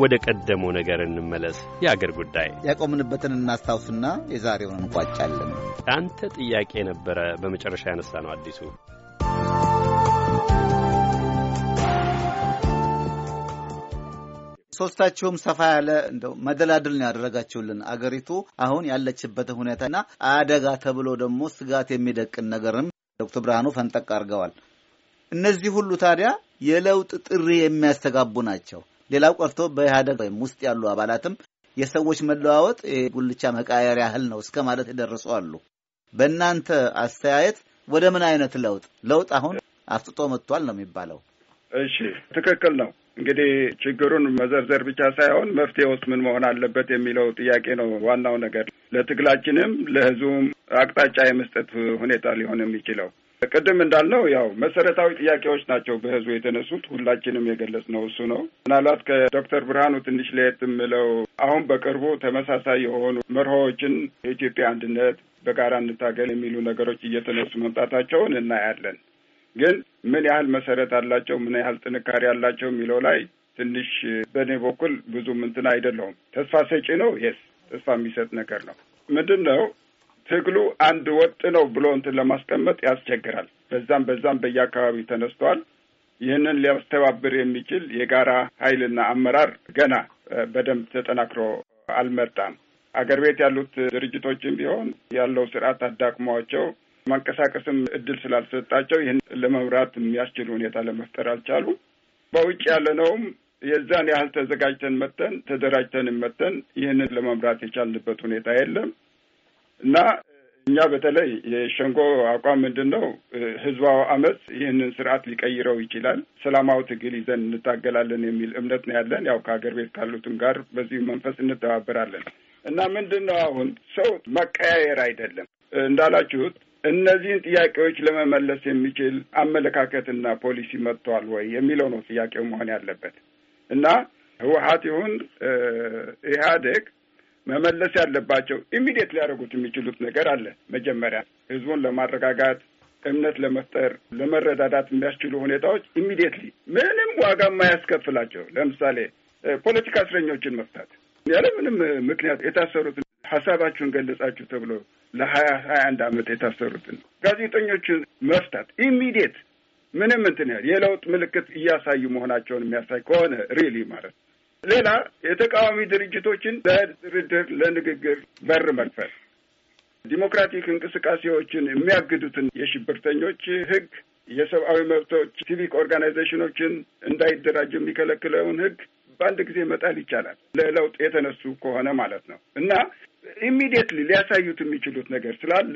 ወደ ቀደመው ነገር እንመለስ። የአገር ጉዳይ ያቆምንበትን እናስታውስና የዛሬውን እንቋጫለን። አንተ ጥያቄ ነበረ በመጨረሻ ያነሳ ነው አዲሱ ሶስታችሁም ሰፋ ያለ እንደው መደላድል ነው ያደረጋችሁልን። አገሪቱ አሁን ያለችበትን ሁኔታና አደጋ ተብሎ ደግሞ ስጋት የሚደቅን ነገርም ዶክተር ብርሃኑ ፈንጠቅ አድርገዋል። እነዚህ ሁሉ ታዲያ የለውጥ ጥሪ የሚያስተጋቡ ናቸው። ሌላው ቀርቶ በኢህአደግ ወይም ውስጥ ያሉ አባላትም የሰዎች መለዋወጥ የጉልቻ መቃየር ያህል ነው እስከ ማለት የደረሱ አሉ። በእናንተ አስተያየት ወደ ምን አይነት ለውጥ ለውጥ አሁን አፍጥጦ መጥቷል ነው የሚባለው? እሺ ትክክል ነው። እንግዲህ ችግሩን መዘርዘር ብቻ ሳይሆን መፍትሄ ውስጥ ምን መሆን አለበት የሚለው ጥያቄ ነው ዋናው ነገር። ለትግላችንም ለህዝቡም አቅጣጫ የመስጠት ሁኔታ ሊሆን የሚችለው ቅድም እንዳልነው ያው መሰረታዊ ጥያቄዎች ናቸው በህዝቡ የተነሱት። ሁላችንም የገለጽነው እሱ ነው። ምናልባት ከዶክተር ብርሃኑ ትንሽ ለየት የምለው አሁን በቅርቡ ተመሳሳይ የሆኑ መርሆዎችን የኢትዮጵያ አንድነት፣ በጋራ እንታገል የሚሉ ነገሮች እየተነሱ መምጣታቸውን እናያለን። ግን ምን ያህል መሰረት አላቸው፣ ምን ያህል ጥንካሬ አላቸው የሚለው ላይ ትንሽ በእኔ በኩል ብዙም እንትን አይደለሁም። ተስፋ ሰጪ ነው። የስ ተስፋ የሚሰጥ ነገር ነው። ምንድን ነው ትግሉ አንድ ወጥ ነው ብሎ እንትን ለማስቀመጥ ያስቸግራል። በዛም በዛም በየአካባቢው ተነስተዋል። ይህንን ሊያስተባብር የሚችል የጋራ ኃይልና አመራር ገና በደንብ ተጠናክሮ አልመጣም። አገር ቤት ያሉት ድርጅቶችም ቢሆን ያለው ስርዓት አዳክሟቸው ማንቀሳቀስም እድል ስላልሰጣቸው ይህን ለመምራት የሚያስችል ሁኔታ ለመፍጠር አልቻሉ። በውጭ ያለነውም የዛን ያህል ተዘጋጅተን መተን ተደራጅተን መተን ይህንን ለመምራት የቻልንበት ሁኔታ የለም። እና እኛ በተለይ የሸንጎ አቋም ምንድን ነው? ህዝባዊ አመፅ ይህንን ስርዓት ሊቀይረው ይችላል፣ ሰላማዊ ትግል ይዘን እንታገላለን የሚል እምነት ነው ያለን። ያው ከሀገር ቤት ካሉትም ጋር በዚህ መንፈስ እንተባበራለን እና ምንድን ነው አሁን ሰው መቀያየር አይደለም እንዳላችሁት እነዚህን ጥያቄዎች ለመመለስ የሚችል አመለካከትና ፖሊሲ መጥቷል ወይ የሚለው ነው ጥያቄው መሆን ያለበት እና ህወሀት ይሁን ኢህአዴግ መመለስ ያለባቸው ኢሚዲየት ሊያደርጉት የሚችሉት ነገር አለ። መጀመሪያ ህዝቡን ለማረጋጋት እምነት ለመፍጠር ለመረዳዳት የሚያስችሉ ሁኔታዎች ኢሚዲየትሊ ምንም ዋጋ የማያስከፍላቸው ለምሳሌ ፖለቲካ እስረኞችን መፍታት ያለ ምንም ምክንያት የታሰሩትን ሀሳባችሁን ገለጻችሁ ተብሎ ለሀያ ሀያ አንድ አመት የታሰሩትን ጋዜጠኞችን መፍታት ኢሚዲየት ምንም እንትን ያህል የለውጥ ምልክት እያሳዩ መሆናቸውን የሚያሳይ ከሆነ ሪሊ ማለት ነው ሌላ የተቃዋሚ ድርጅቶችን ለድርድር ለንግግር በር መክፈት፣ ዲሞክራቲክ እንቅስቃሴዎችን የሚያግዱትን የሽብርተኞች ህግ የሰብአዊ መብቶች ሲቪክ ኦርጋናይዜሽኖችን እንዳይደራጅ የሚከለክለውን ህግ በአንድ ጊዜ መጣል ይቻላል። ለለውጥ የተነሱ ከሆነ ማለት ነው እና ኢሚዲየትሊ ሊያሳዩት የሚችሉት ነገር ስላለ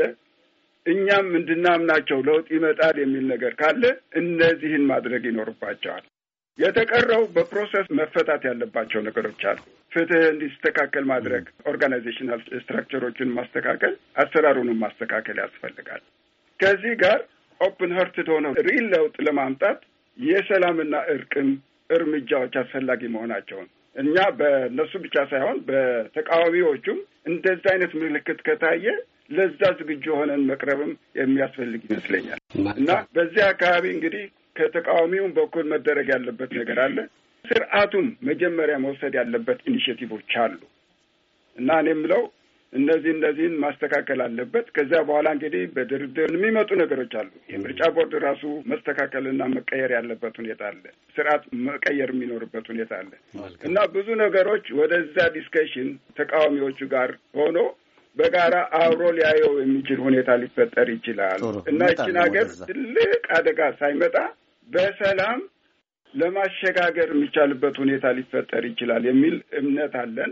እኛም እንድናምናቸው ለውጥ ይመጣል የሚል ነገር ካለ እነዚህን ማድረግ ይኖርባቸዋል። የተቀረው በፕሮሰስ መፈታት ያለባቸው ነገሮች አሉ። ፍትህ እንዲስተካከል ማድረግ፣ ኦርጋናይዜሽናል ስትራክቸሮችን ማስተካከል፣ አሰራሩንም ማስተካከል ያስፈልጋል። ከዚህ ጋር ኦፕን ሀርትድ ሆነው ሪል ለውጥ ለማምጣት የሰላምና እርቅም እርምጃዎች አስፈላጊ መሆናቸውን እኛ በእነሱ ብቻ ሳይሆን በተቃዋሚዎቹም እንደዚህ አይነት ምልክት ከታየ ለዛ ዝግጁ የሆነን መቅረብም የሚያስፈልግ ይመስለኛል እና በዚህ አካባቢ እንግዲህ ከተቃዋሚውም በኩል መደረግ ያለበት ነገር አለ። ስርዓቱም መጀመሪያ መውሰድ ያለበት ኢኒሽቲቮች አሉ እና እኔ የምለው እነዚህ እነዚህን ማስተካከል አለበት። ከዚያ በኋላ እንግዲህ በድርድር የሚመጡ ነገሮች አሉ። የምርጫ ቦርድ ራሱ መስተካከልና መቀየር ያለበት ሁኔታ አለ። ስርዓት መቀየር የሚኖርበት ሁኔታ አለ እና ብዙ ነገሮች ወደዛ ዲስከሽን ተቃዋሚዎቹ ጋር ሆኖ በጋራ አብሮ ሊያየው የሚችል ሁኔታ ሊፈጠር ይችላል እና ይችን ሀገር ትልቅ አደጋ ሳይመጣ በሰላም ለማሸጋገር የሚቻልበት ሁኔታ ሊፈጠር ይችላል የሚል እምነት አለን።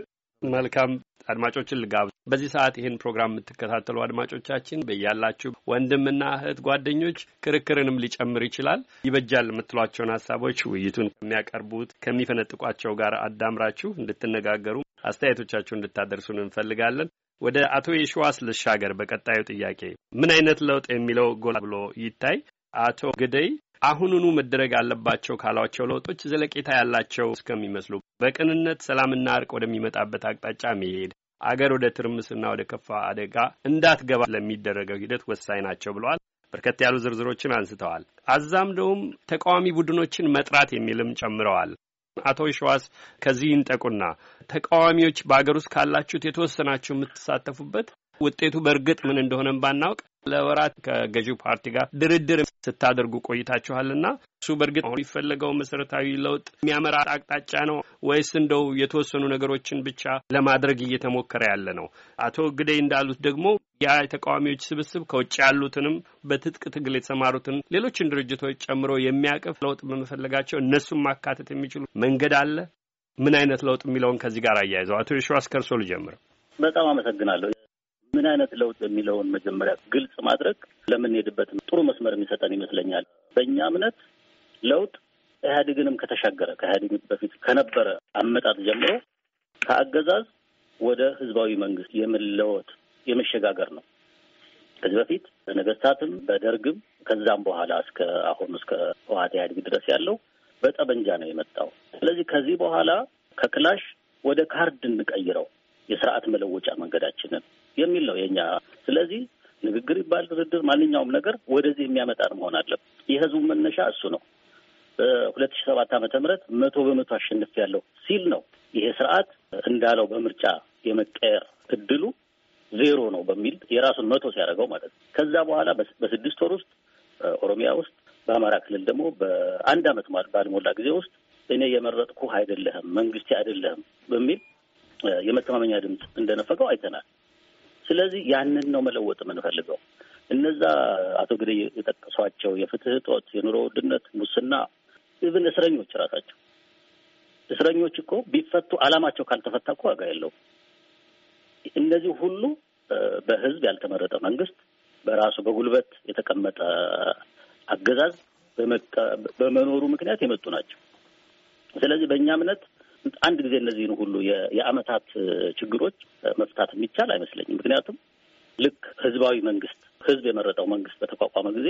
መልካም አድማጮችን ልጋብ በዚህ ሰዓት ይህን ፕሮግራም የምትከታተሉ አድማጮቻችን በያላችሁ ወንድምና እህት ጓደኞች ክርክርንም ሊጨምር ይችላል። ይበጃል የምትሏቸውን ሀሳቦች ውይይቱን ከሚያቀርቡት ከሚፈነጥቋቸው ጋር አዳምራችሁ እንድትነጋገሩ አስተያየቶቻችሁ እንድታደርሱን እንፈልጋለን። ወደ አቶ የሸዋስ ልሻገር። በቀጣዩ ጥያቄ ምን አይነት ለውጥ የሚለው ጎላ ብሎ ይታይ። አቶ ግደይ አሁኑኑ መደረግ አለባቸው ካሏቸው ለውጦች ዘለቄታ ያላቸው እስከሚመስሉ በቅንነት ሰላምና እርቅ ወደሚመጣበት አቅጣጫ መሄድ አገር ወደ ትርምስና ወደ ከፋ አደጋ እንዳትገባ ለሚደረገው ሂደት ወሳኝ ናቸው ብለዋል። በርከት ያሉ ዝርዝሮችን አንስተዋል። አዛምደውም ተቃዋሚ ቡድኖችን መጥራት የሚልም ጨምረዋል። አቶ ሸዋስ ከዚህ ይንጠቁና ተቃዋሚዎች በአገር ውስጥ ካላችሁት የተወሰናችሁ የምትሳተፉበት ውጤቱ በእርግጥ ምን እንደሆነም ባናውቅ ለወራት ከገዢው ፓርቲ ጋር ድርድር ስታደርጉ ቆይታችኋልና እሱ በእርግጥ አሁን የሚፈለገው መሰረታዊ ለውጥ የሚያመራ አቅጣጫ ነው ወይስ እንደው የተወሰኑ ነገሮችን ብቻ ለማድረግ እየተሞከረ ያለ ነው? አቶ ግደይ እንዳሉት ደግሞ ያ የተቃዋሚዎች ስብስብ ከውጭ ያሉትንም በትጥቅ ትግል የተሰማሩትን ሌሎችን ድርጅቶች ጨምሮ የሚያቅፍ ለውጥ በመፈለጋቸው እነሱን ማካተት የሚችሉ መንገድ አለ? ምን አይነት ለውጥ የሚለውን ከዚህ ጋር አያይዘው አቶ የሸዋስ ከርሶ ልጀምር። በጣም አመሰግናለሁ። ምን አይነት ለውጥ የሚለውን መጀመሪያ ግልጽ ማድረግ ለምንሄድበት ጥሩ መስመር የሚሰጠን ይመስለኛል። በእኛ እምነት ለውጥ ኢህአዴግንም ከተሻገረ ከኢህአዴግ በፊት ከነበረ አመጣት ጀምሮ ከአገዛዝ ወደ ህዝባዊ መንግስት የመለወጥ የመሸጋገር ነው። ከዚህ በፊት በነገስታትም በደርግም ከዛም በኋላ እስከ አሁን እስከ ህወሓት ኢህአዴግ ድረስ ያለው በጠበንጃ ነው የመጣው። ስለዚህ ከዚህ በኋላ ከክላሽ ወደ ካርድ እንቀይረው የስርዓት መለወጫ መንገዳችንን የሚል ነው የኛ። ስለዚህ ንግግር ይባል ድርድር፣ ማንኛውም ነገር ወደዚህ የሚያመጣን መሆን አለበት። የህዝቡ መነሻ እሱ ነው። በሁለት ሺ ሰባት ዓመተ ምህረት መቶ በመቶ አሸንፍ ያለው ሲል ነው ይሄ ስርዓት እንዳለው በምርጫ የመቀየር እድሉ ዜሮ ነው በሚል የራሱን መቶ ሲያደርገው ማለት ነው። ከዛ በኋላ በስድስት ወር ውስጥ ኦሮሚያ ውስጥ በአማራ ክልል ደግሞ በአንድ አመት ባልሞላ ጊዜ ውስጥ እኔ የመረጥኩህ አይደለህም መንግስቴ አይደለህም በሚል የመተማመኛ ድምፅ እንደነፈገው አይተናል። ስለዚህ ያንን ነው መለወጥ የምንፈልገው። እነዛ አቶ ግዴ የጠቀሷቸው የፍትህ እጦት፣ የኑሮ ውድነት፣ ሙስና፣ ኢቭን እስረኞች ራሳቸው እስረኞች እኮ ቢፈቱ አላማቸው ካልተፈታ እኮ ዋጋ የለው። እነዚህ ሁሉ በህዝብ ያልተመረጠ መንግስት፣ በራሱ በጉልበት የተቀመጠ አገዛዝ በመኖሩ ምክንያት የመጡ ናቸው። ስለዚህ በእኛ እምነት አንድ ጊዜ እነዚህን ሁሉ የአመታት ችግሮች መፍታት የሚቻል አይመስለኝም። ምክንያቱም ልክ ህዝባዊ መንግስት ህዝብ የመረጠው መንግስት በተቋቋመ ጊዜ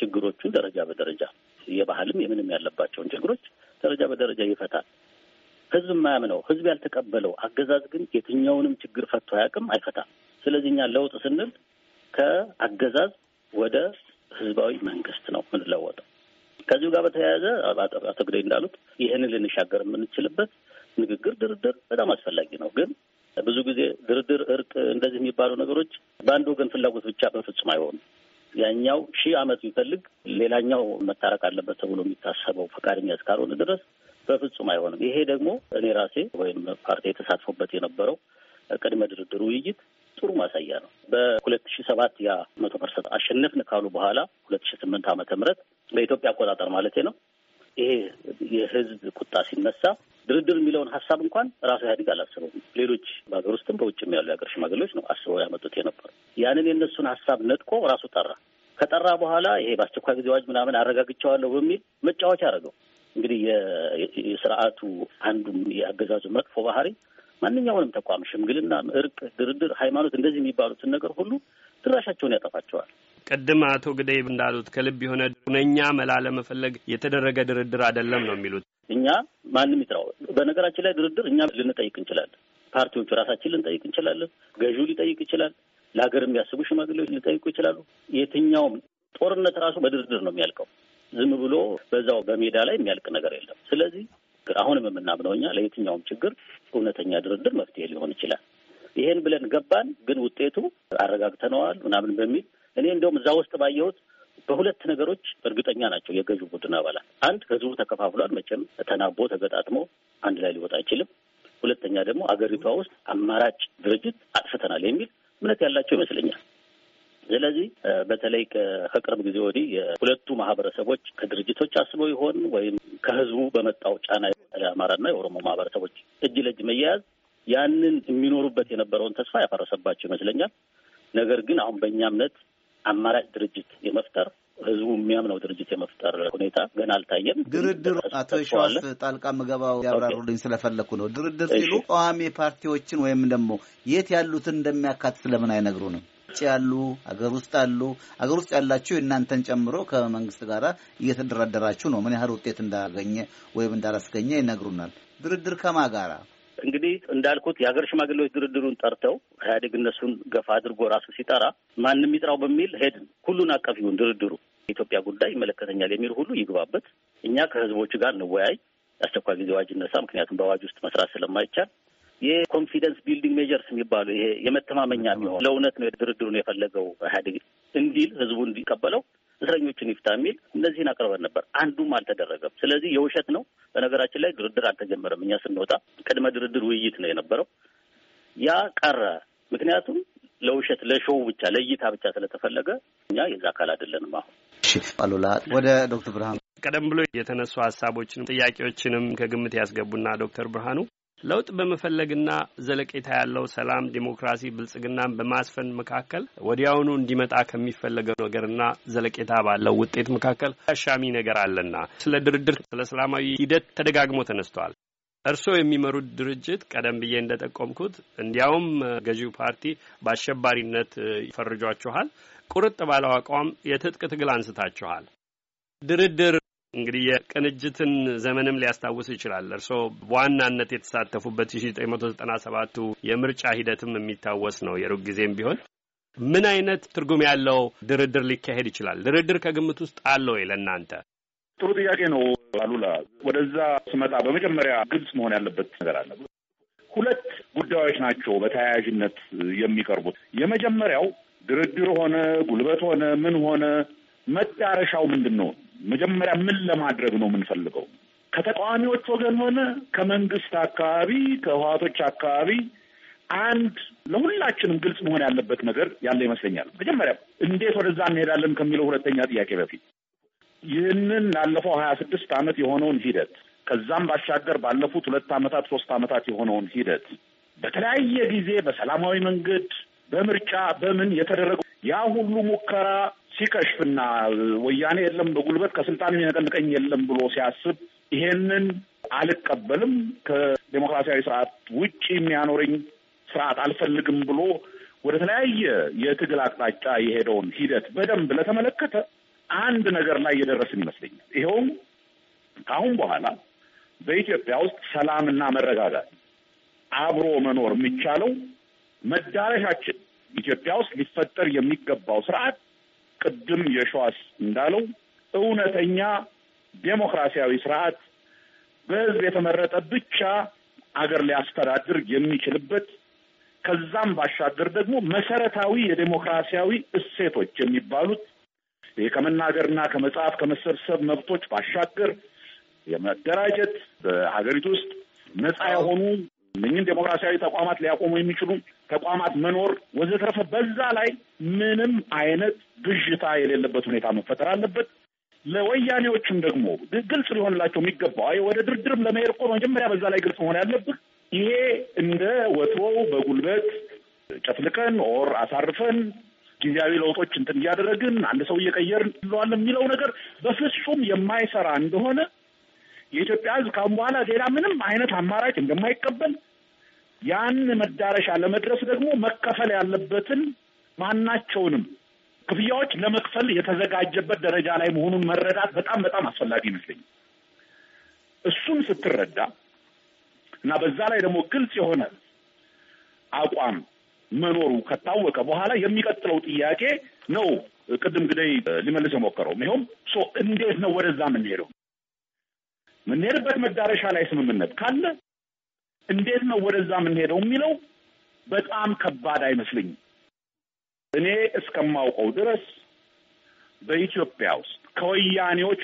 ችግሮቹን ደረጃ በደረጃ የባህልም የምንም ያለባቸውን ችግሮች ደረጃ በደረጃ ይፈታል። ህዝብ የማያምነው ህዝብ ያልተቀበለው አገዛዝ ግን የትኛውንም ችግር ፈቶ አያውቅም፣ አይፈታም። ስለዚህ እኛ ለውጥ ስንል ከአገዛዝ ወደ ህዝባዊ መንግስት ነው ምንለወጠው። ከዚሁ ጋር በተያያዘ አቶ ግደይ እንዳሉት ይህንን ልንሻገር የምንችልበት ንግግር፣ ድርድር በጣም አስፈላጊ ነው። ግን ብዙ ጊዜ ድርድር፣ እርቅ፣ እንደዚህ የሚባሉ ነገሮች በአንድ ወገን ፍላጎት ብቻ በፍጹም አይሆኑም። ያኛው ሺህ ዓመት ቢፈልግ ሌላኛው መታረቅ አለበት ተብሎ የሚታሰበው ፈቃደኛ እስካልሆነ ድረስ በፍጹም አይሆንም። ይሄ ደግሞ እኔ ራሴ ወይም ፓርቲ የተሳትፎበት የነበረው ቅድመ ድርድር ውይይት ጥሩ ማሳያ ነው። በሁለት ሺ ሰባት ያ መቶ ፐርሰንት አሸነፍን ካሉ በኋላ ሁለት ሺ ስምንት ዓመተ ምህረት በኢትዮጵያ አቆጣጠር ማለት ነው ይሄ የህዝብ ቁጣ ሲነሳ ድርድር የሚለውን ሀሳብ እንኳን ራሱ ኢህአዴግ አላስበውም። ሌሎች በሀገር ውስጥም በውጭም ያሉ የሀገር ሽማግሌዎች ነው አስበው ያመጡት የነበረ ያንን የእነሱን ሀሳብ ነጥቆ ራሱ ጠራ። ከጠራ በኋላ ይሄ በአስቸኳይ ጊዜ አዋጅ ምናምን አረጋግቸዋለሁ በሚል መጫወቻ አደረገው። እንግዲህ የስርዓቱ አንዱም የአገዛዙ መጥፎ ባህሪ ማንኛውንም ተቋም ሽምግልና፣ እርቅ፣ ድርድር፣ ሃይማኖት እንደዚህ የሚባሉትን ነገር ሁሉ ድራሻቸውን ያጠፋቸዋል። ቅድም አቶ ግደይ እንዳሉት ከልብ የሆነ ሁነኛ መላ ለመፈለግ የተደረገ ድርድር አይደለም ነው የሚሉት። እኛ ማንም ይጥራው። በነገራችን ላይ ድርድር እኛ ልንጠይቅ እንችላለን። ፓርቲዎቹ ራሳችን ልንጠይቅ እንችላለን። ገዢው ሊጠይቅ ይችላል። ለሀገር የሚያስቡ ሽማግሌዎች ሊጠይቁ ይችላሉ። የትኛውም ጦርነት ራሱ በድርድር ነው የሚያልቀው። ዝም ብሎ በዛው በሜዳ ላይ የሚያልቅ ነገር የለም። ስለዚህ አሁንም የምናምነው እኛ ለየትኛውም ችግር እውነተኛ ድርድር መፍትሄ ሊሆን ይችላል። ይሄን ብለን ገባን፣ ግን ውጤቱ አረጋግተነዋል ምናምን በሚል እኔ እንደውም እዛ ውስጥ ባየሁት በሁለት ነገሮች እርግጠኛ ናቸው የገዢው ቡድን አባላት። አንድ ህዝቡ ተከፋፍሏል። መቼም ተናቦ ተገጣጥሞ አንድ ላይ ሊወጣ አይችልም። ሁለተኛ ደግሞ አገሪቷ ውስጥ አማራጭ ድርጅት አጥፍተናል የሚል እምነት ያላቸው ይመስለኛል። ስለዚህ በተለይ ከቅርብ ጊዜ ወዲህ የሁለቱ ማህበረሰቦች ከድርጅቶች አስበው ይሆን ወይም ከህዝቡ በመጣው ጫና የአማራና የኦሮሞ ማህበረሰቦች እጅ ለእጅ መያያዝ ያንን የሚኖሩበት የነበረውን ተስፋ ያፈረሰባቸው ይመስለኛል። ነገር ግን አሁን በእኛ እምነት አማራጭ ድርጅት የመፍጠር ህዝቡ የሚያምነው ድርጅት የመፍጠር ሁኔታ ገና አልታየም። ድርድር አቶ ሸዋስ ጣልቃ ምገባው ያብራሩልኝ ስለፈለግኩ ነው። ድርድር ሲሉ ተቃዋሚ ፓርቲዎችን ወይም ደግሞ የት ያሉትን እንደሚያካትት ለምን አይነግሩንም? ውጭ ያሉ አገር ውስጥ አሉ። አገር ውስጥ ያላችሁ እናንተን ጨምሮ ከመንግስት ጋር እየተደራደራችሁ ነው። ምን ያህል ውጤት እንዳገኘ ወይም እንዳላስገኘ ይነግሩናል። ድርድር ከማ ጋራ እንግዲህ እንዳልኩት የሀገር ሽማግሌዎች ድርድሩን ጠርተው ኢህአዴግ እነሱን ገፋ አድርጎ ራሱ ሲጠራ ማንም ይጥራው በሚል ሄድን። ሁሉን አቀፍ ይሁን ድርድሩ የኢትዮጵያ ጉዳይ ይመለከተኛል የሚል ሁሉ ይግባበት። እኛ ከህዝቦች ጋር እንወያይ። የአስቸኳይ ጊዜ አዋጅ ይነሳ፣ ምክንያቱም በአዋጅ ውስጥ መስራት ስለማይቻል የኮንፊደንስ ቢልዲንግ ሜጀርስ የሚባሉ ይሄ የመተማመኛ የሚሆን ለእውነት ነው ድርድሩን የፈለገው ኢህአዴግ እንዲል ህዝቡ እንዲቀበለው እስረኞችን ይፍታ የሚል እነዚህን አቅርበን ነበር። አንዱም አልተደረገም። ስለዚህ የውሸት ነው። በነገራችን ላይ ድርድር አልተጀመረም። እኛ ስንወጣ ቅድመ ድርድር ውይይት ነው የነበረው። ያ ቀረ። ምክንያቱም ለውሸት ለሾው ብቻ ለእይታ ብቻ ስለተፈለገ እኛ የዛ አካል አይደለንም። አሁን አሉላ ወደ ዶክተር ብርሃኑ ቀደም ብሎ የተነሱ ሀሳቦችንም ጥያቄዎችንም ከግምት ያስገቡና ዶክተር ብርሃኑ ለውጥ በመፈለግና ዘለቄታ ያለው ሰላም፣ ዴሞክራሲ፣ ብልጽግናን በማስፈን መካከል ወዲያውኑ እንዲመጣ ከሚፈለገው ነገርና ዘለቄታ ባለው ውጤት መካከል አሻሚ ነገር አለና ስለ ድርድር፣ ስለ ሰላማዊ ሂደት ተደጋግሞ ተነስቷል። እርስዎ የሚመሩት ድርጅት ቀደም ብዬ እንደጠቆምኩት እንዲያውም ገዢው ፓርቲ በአሸባሪነት ይፈርጇችኋል። ቁርጥ ባለው አቋም የትጥቅ ትግል አንስታችኋል። ድርድር እንግዲህ የቅንጅትን ዘመንም ሊያስታውስ ይችላል። እርስዎ በዋናነት የተሳተፉበት ሺ ዘጠኝ መቶ ዘጠና ሰባቱ የምርጫ ሂደትም የሚታወስ ነው። የሩቅ ጊዜም ቢሆን ምን አይነት ትርጉም ያለው ድርድር ሊካሄድ ይችላል? ድርድር ከግምት ውስጥ አለው ወይ ለእናንተ? ጥሩ ጥያቄ ነው አሉላ። ወደዛ ስመጣ በመጀመሪያ ግልጽ መሆን ያለበት ነገር አለ። ሁለት ጉዳዮች ናቸው በተያያዥነት የሚቀርቡት። የመጀመሪያው ድርድር ሆነ ጉልበት ሆነ ምን ሆነ መዳረሻው ምንድን ነው? መጀመሪያ ምን ለማድረግ ነው የምንፈልገው? ከተቃዋሚዎች ወገን ሆነ ከመንግስት አካባቢ ከህዋቶች አካባቢ አንድ ለሁላችንም ግልጽ መሆን ያለበት ነገር ያለ ይመስለኛል። መጀመሪያ እንዴት ወደዛ እንሄዳለን ከሚለው ሁለተኛ ጥያቄ በፊት ይህንን ላለፈው ሀያ ስድስት ዓመት የሆነውን ሂደት ከዛም ባሻገር ባለፉት ሁለት ዓመታት ሶስት ዓመታት የሆነውን ሂደት በተለያየ ጊዜ በሰላማዊ መንገድ በምርጫ በምን የተደረገው ያ ሁሉ ሙከራ ሲቀሽፍና ወያኔ የለም በጉልበት ከስልጣን የሚነቀንቀኝ የለም ብሎ ሲያስብ ይሄንን አልቀበልም ከዴሞክራሲያዊ ስርዓት ውጭ የሚያኖረኝ ስርዓት አልፈልግም ብሎ ወደ ተለያየ የትግል አቅጣጫ የሄደውን ሂደት በደንብ ለተመለከተ አንድ ነገር ላይ የደረስን ይመስለኛል። ይኸውም ከአሁን በኋላ በኢትዮጵያ ውስጥ ሰላምና መረጋጋት አብሮ መኖር የሚቻለው መዳረሻችን ኢትዮጵያ ውስጥ ሊፈጠር የሚገባው ስርዓት ቅድም የሸዋስ እንዳለው እውነተኛ ዴሞክራሲያዊ ስርዓት በህዝብ የተመረጠ ብቻ አገር ሊያስተዳድር የሚችልበት ከዛም ባሻገር ደግሞ መሰረታዊ የዴሞክራሲያዊ እሴቶች የሚባሉት ከመናገርና ከመጽሐፍ ከመሰብሰብ መብቶች ባሻገር የመደራጀት በሀገሪቱ ውስጥ ነፃ የሆኑ እነኝን ዴሞክራሲያዊ ተቋማት ሊያቆሙ የሚችሉ ተቋማት መኖር ወዘተረፈ። በዛ ላይ ምንም አይነት ብዥታ የሌለበት ሁኔታ መፈጠር አለበት። ለወያኔዎችም ደግሞ ግልጽ ሊሆንላቸው የሚገባው ወደ ድርድርም ለመሄድ እኮ መጀመሪያ በዛ ላይ ግልጽ መሆን ያለብህ ይሄ እንደ ወትሮው በጉልበት ጨፍልቀን ኦር አሳርፈን ጊዜያዊ ለውጦች እንትን እያደረግን አንድ ሰው እየቀየር እንለዋለን የሚለው ነገር በፍጹም የማይሰራ እንደሆነ የኢትዮጵያ ሕዝብ ካሁን በኋላ ሌላ ምንም አይነት አማራጭ እንደማይቀበል ያን መዳረሻ ለመድረስ ደግሞ መከፈል ያለበትን ማናቸውንም ክፍያዎች ለመክፈል የተዘጋጀበት ደረጃ ላይ መሆኑን መረዳት በጣም በጣም አስፈላጊ ይመስለኛል። እሱን ስትረዳ እና በዛ ላይ ደግሞ ግልጽ የሆነ አቋም መኖሩ ከታወቀ በኋላ የሚቀጥለው ጥያቄ ነው ቅድም ግደይ ሊመልስ የሞከረው ይኸውም እንዴት ነው ወደዛ የምንሄደው? የምንሄድበት መዳረሻ ላይ ስምምነት ካለ እንዴት ነው ወደዛ የምንሄደው የሚለው በጣም ከባድ አይመስለኝም። እኔ እስከማውቀው ድረስ በኢትዮጵያ ውስጥ ከወያኔዎች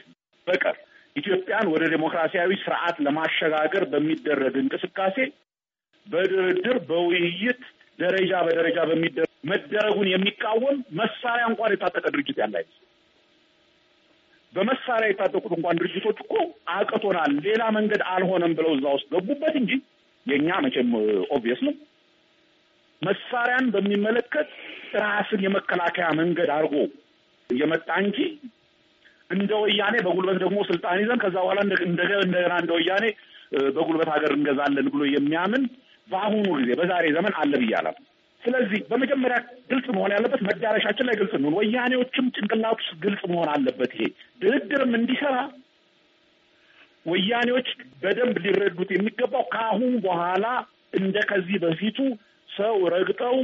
በቀር ኢትዮጵያን ወደ ዴሞክራሲያዊ ስርዓት ለማሸጋገር በሚደረግ እንቅስቃሴ በድርድር በውይይት ደረጃ በደረጃ በሚደረግ መደረጉን የሚቃወም መሳሪያ እንኳን የታጠቀ ድርጅት ያለ አይመስለኝም። በመሳሪያ የታጠቁት እንኳን ድርጅቶች እኮ አቅቶናል፣ ሌላ መንገድ አልሆነም ብለው እዛ ውስጥ ገቡበት እንጂ የእኛ መቼም ኦብቪየስ uh, ነው። መሳሪያን በሚመለከት ራስን የመከላከያ መንገድ አድርጎ የመጣ እንጂ እንደ ወያኔ በጉልበት ደግሞ ስልጣን ይዘን ከዛ በኋላ እንደገና እንደ ወያኔ uh, በጉልበት ሀገር እንገዛለን ብሎ የሚያምን በአሁኑ ጊዜ በዛሬ ዘመን አለ ብያለሁ። ስለዚህ በመጀመሪያ ግልጽ መሆን ያለበት መዳረሻችን ላይ ግልጽ እንሆን። ወያኔዎችም ጭንቅላቱ ግልጽ መሆን አለበት። ይሄ ድርድርም እንዲሰራ ወያኔዎች በደንብ ሊረዱት የሚገባው ከአሁን በኋላ እንደ ከዚህ በፊቱ ሰው ረግጠው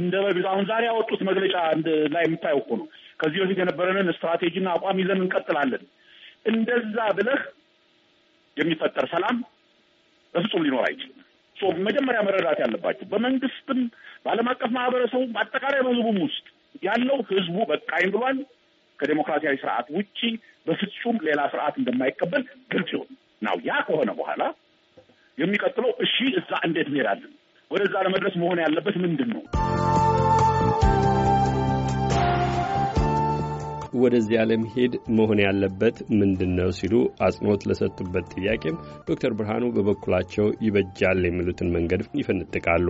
እንደ በፊቱ አሁን ዛሬ ያወጡት መግለጫ ላይ የምታየው እኮ ነው። ከዚህ በፊት የነበረንን ስትራቴጂና አቋም ይዘን እንቀጥላለን። እንደዛ ብለህ የሚፈጠር ሰላም በፍጹም ሊኖር አይችልም። መጀመሪያ መረዳት ያለባቸው በመንግስትም፣ በዓለም አቀፍ ማህበረሰቡ፣ በአጠቃላይ በህዝቡም ውስጥ ያለው ህዝቡ በቃኝ ብሏል፣ ከዴሞክራሲያዊ ስርዓት ውጪ በፍጹም ሌላ ስርዓት እንደማይቀበል ግልጽ ይሁን ነው። ያ ከሆነ በኋላ የሚቀጥለው እሺ፣ እዛ እንዴት እንሄዳለን? ወደዛ ለመድረስ መሆን ያለበት ምንድን ነው? ወደዚያ ለመሄድ መሆን ያለበት ምንድን ነው ሲሉ አጽንኦት ለሰጡበት ጥያቄም ዶክተር ብርሃኑ በበኩላቸው ይበጃል የሚሉትን መንገድ ይፈንጥቃሉ።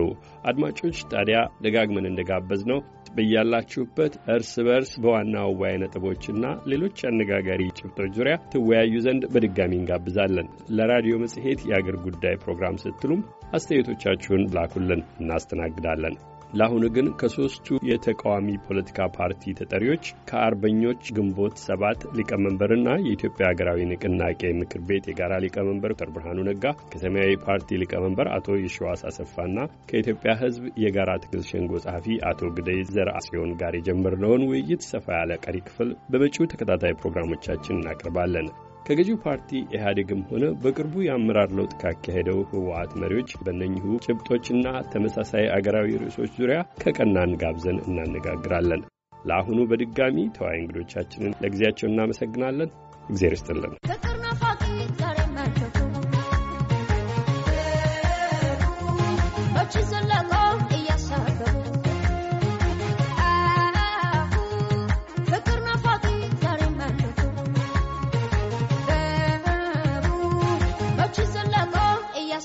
አድማጮች ታዲያ ደጋግመን እንደጋበዝ ነው በያላችሁበት እርስ በርስ በዋና ነጥቦች ነጥቦችና ሌሎች አነጋጋሪ ጭብጦች ዙሪያ ትወያዩ ዘንድ በድጋሚ እንጋብዛለን። ለራዲዮ መጽሔት የአገር ጉዳይ ፕሮግራም ስትሉም አስተያየቶቻችሁን ላኩልን፣ እናስተናግዳለን። ለአሁኑ ግን ከሦስቱ የተቃዋሚ ፖለቲካ ፓርቲ ተጠሪዎች ከአርበኞች ግንቦት ሰባት ሊቀመንበርና የኢትዮጵያ ሀገራዊ ንቅናቄ ምክር ቤት የጋራ ሊቀመንበር ዶክተር ብርሃኑ ነጋ ከሰማያዊ ፓርቲ ሊቀመንበር አቶ የሸዋስ አሰፋና ከኢትዮጵያ ሕዝብ የጋራ ትግል ሸንጎ ጸሐፊ አቶ ግደይ ዘርአጽዮን ጋር የጀመርነውን ውይይት ሰፋ ያለ ቀሪ ክፍል በመጪው ተከታታይ ፕሮግራሞቻችን እናቀርባለን። ከገዢው ፓርቲ ኢህአዴግም ሆነ በቅርቡ የአመራር ለውጥ ካካሄደው ህወሓት መሪዎች በእነኚሁ ጭብጦችና ተመሳሳይ አገራዊ ርዕሶች ዙሪያ ከቀናን ጋብዘን እናነጋግራለን። ለአሁኑ በድጋሚ ተወያይ እንግዶቻችንን ለጊዜያቸው እናመሰግናለን። እግዜር ይስጥልን።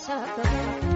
sabrá.